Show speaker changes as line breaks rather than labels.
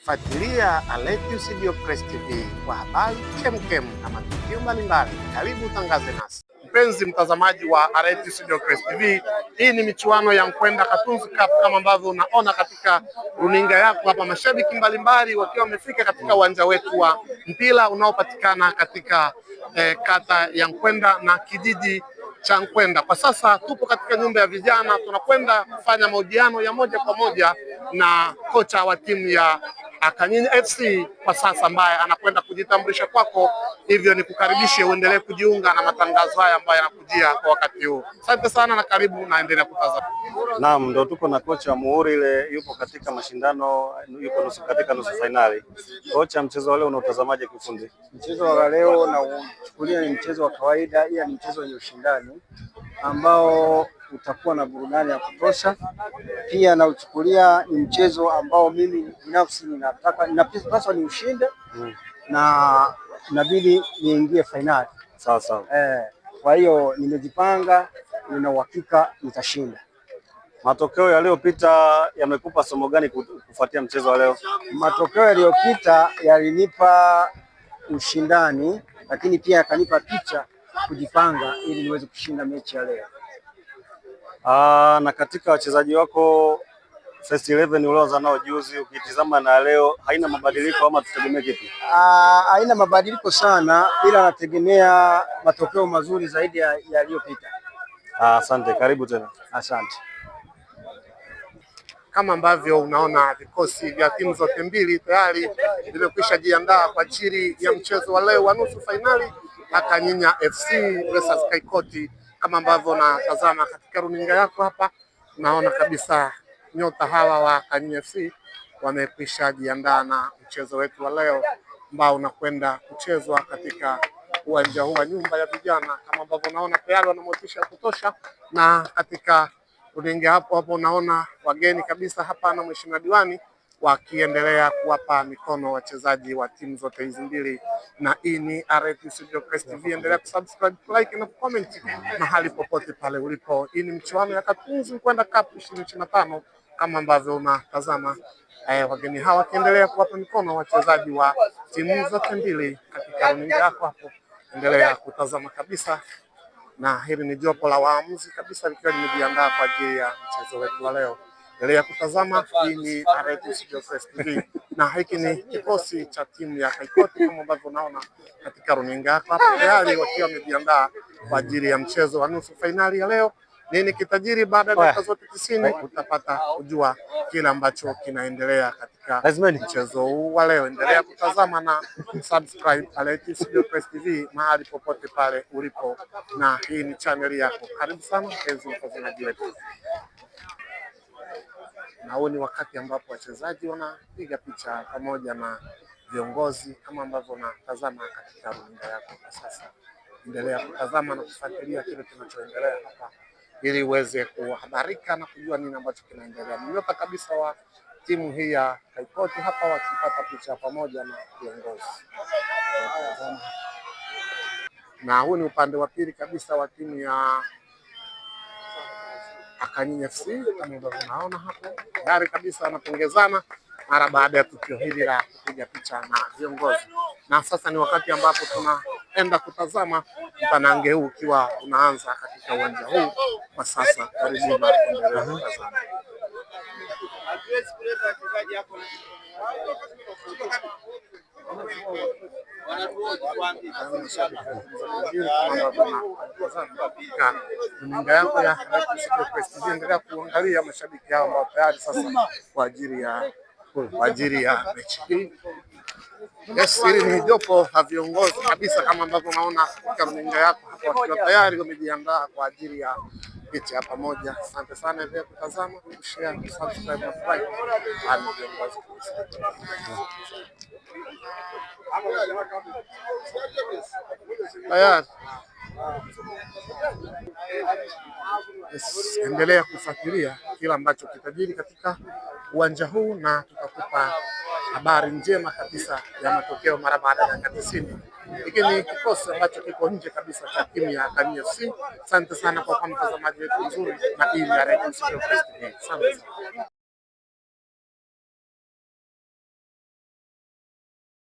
Fuatilia Aletius Press TV kwa habari kemkem na matukio mbalimbali. Karibu tangaze nasi. Mpenzi mtazamaji wa Aletius Press TV, hii ni michuano ya Nkwenda Katunzi Cup kama ambavyo unaona katika runinga yako hapa, mashabiki mbalimbali wakiwa wamefika katika uwanja wetu wa mpira unaopatikana katika eh, kata ya Nkwenda na kijiji cha Nkwenda. Kwa sasa tupo katika nyumba ya vijana, tunakwenda kufanya mahojiano ya moja kwa moja na kocha wa timu ya Akanyinyi FC kwa sasa, ambaye anakwenda kujitambulisha kwako, hivyo ni kukaribishe uendelee kujiunga na matangazo haya ambayo yanakujia kwa wakati huu. Asante sana na karibu, naendelea kutazama.
Naam, ndo tuko na kocha Muhurile, yupo katika mashindano, yuko nusu katika nusu fainali. Kocha, mchezo wa leo unautazamaje
Mchezo wa leo na uchukulia ni mchezo wa kawaida, ila ni mchezo wenye ushindani ambao utakuwa na burudani ya kutosha. Pia nauchukulia ni mchezo ambao mimi binafsi ninataka ninapaswa ni ushinde mm. na inabidi niingie fainali sawa sawa. Eh, kwa hiyo nimejipanga, nina uhakika nitashinda.
Matokeo yaliyopita yamekupa somo gani kufuatia mchezo wa leo?
Matokeo yaliyopita yalinipa ushindani, lakini pia yakanipa picha kujipanga ili niweze kushinda mechi ya leo.
Aa, ah, na katika wachezaji wako first 11 ulioanza nao juzi ukitizama na leo haina mabadiliko ama tutegemee kipi?
Ah, haina mabadiliko sana ila anategemea matokeo mazuri zaidi yaliyopita.
Ya ah, asante, karibu tena.
Asante.
Kama ambavyo unaona vikosi vya timu zote mbili tayari vimekwisha jiandaa kwa ajili ya mchezo wa leo wa nusu fainali Akanyinya FC versus Kaikoti kama ambavyo natazama katika runinga yako hapa, naona kabisa nyota hawa wa Kanywa FC wamekwisha jiandaa na mchezo wetu wa leo ambao unakwenda kuchezwa katika uwanja huu wa nyumba ya vijana, kama ambavyo unaona tayari wana motisha ya kutosha, na katika runinga hapo hapo unaona wageni kabisa hapa na mheshimiwa diwani wakiendelea kuwapa mikono wachezaji wa timu zote hizi mbili. Na hii ni RT Studio Press TV, endelea kusubscribe, like na comment mahali popote pale ulipo. Hii ni mchuano ya Katunzi kwenda Cup 2025 kama ambavyo unatazama eh, wageni hawa wakiendelea kuwapa mikono wachezaji wa timu zote mbili katika runinga yako hapo, endelea kutazama kabisa, na hili ni jopo la waamuzi kabisa likiwa limejiandaa kwa ajili ya mchezo wetu wa leo. Endelea kutazama. Hii ni Aretu Studios TV na hiki ni kikosi cha timu ya Kaikoti kama ambavyo unaona katika runinga yako hapo, tayari wakiwa wamejiandaa kwa ajili ya mchezo wa nusu fainali ya leo. Nini kitajiri? Baada ya dakika zote tisini utapata kujua kile ambacho kinaendelea katika
mchezo huu wa leo. Endelea kutazama na subscribe Aretu Studio Press TV mahali popote pale ulipo, na hii ni channel yako. Karibu sana mpenzi mtazamaji wetu
na huo ni wakati ambapo wachezaji wanapiga picha pamoja na viongozi kama ambavyo unatazama katika runinga yako kwa sasa. Endelea kutazama na kufuatilia kile kinachoendelea hapa ili uweze kuhabarika na kujua nini ambacho kinaendelea. Ni nyota kabisa wa timu hii ya Kaikoti hapa wakipata picha pamoja na viongozi. Na huu ni upande wa pili kabisa wa timu ya Akanyi FC kama hapo, tayari kabisa anapongezana mara baada ya tukio hili la kupiga picha na viongozi. Na sasa ni wakati ambapo tunaenda kutazama mpanange huu ukiwa unaanza katika uwanja huu kwa sasa. Karibu na kutazama runinga yako ya endelea kuangalia mashabiki hao ambao tayari sasa kwa ajili ya kwa ajili ya mechi Yes, hili ni jopo la viongozi kabisa kama ambavyo unaona katika runinga yako hapo, wakiwa tayari wamejiandaa kwa ajili ya mechi ya pamoja. Asante sana kwa kutazama, kushare, subscribe na like. Yes, endelea kufuatilia kila ambacho kitajiri katika uwanja huu na tutakupa habari njema kabisa ya matokeo mara baada ya tisini. Hiki ni kikosi ambacho kiko nje kabisa cha timu ya Azam FC. Asante sana kwa kuwa mtazamaji wetu mzuri na timu ya Asante sana.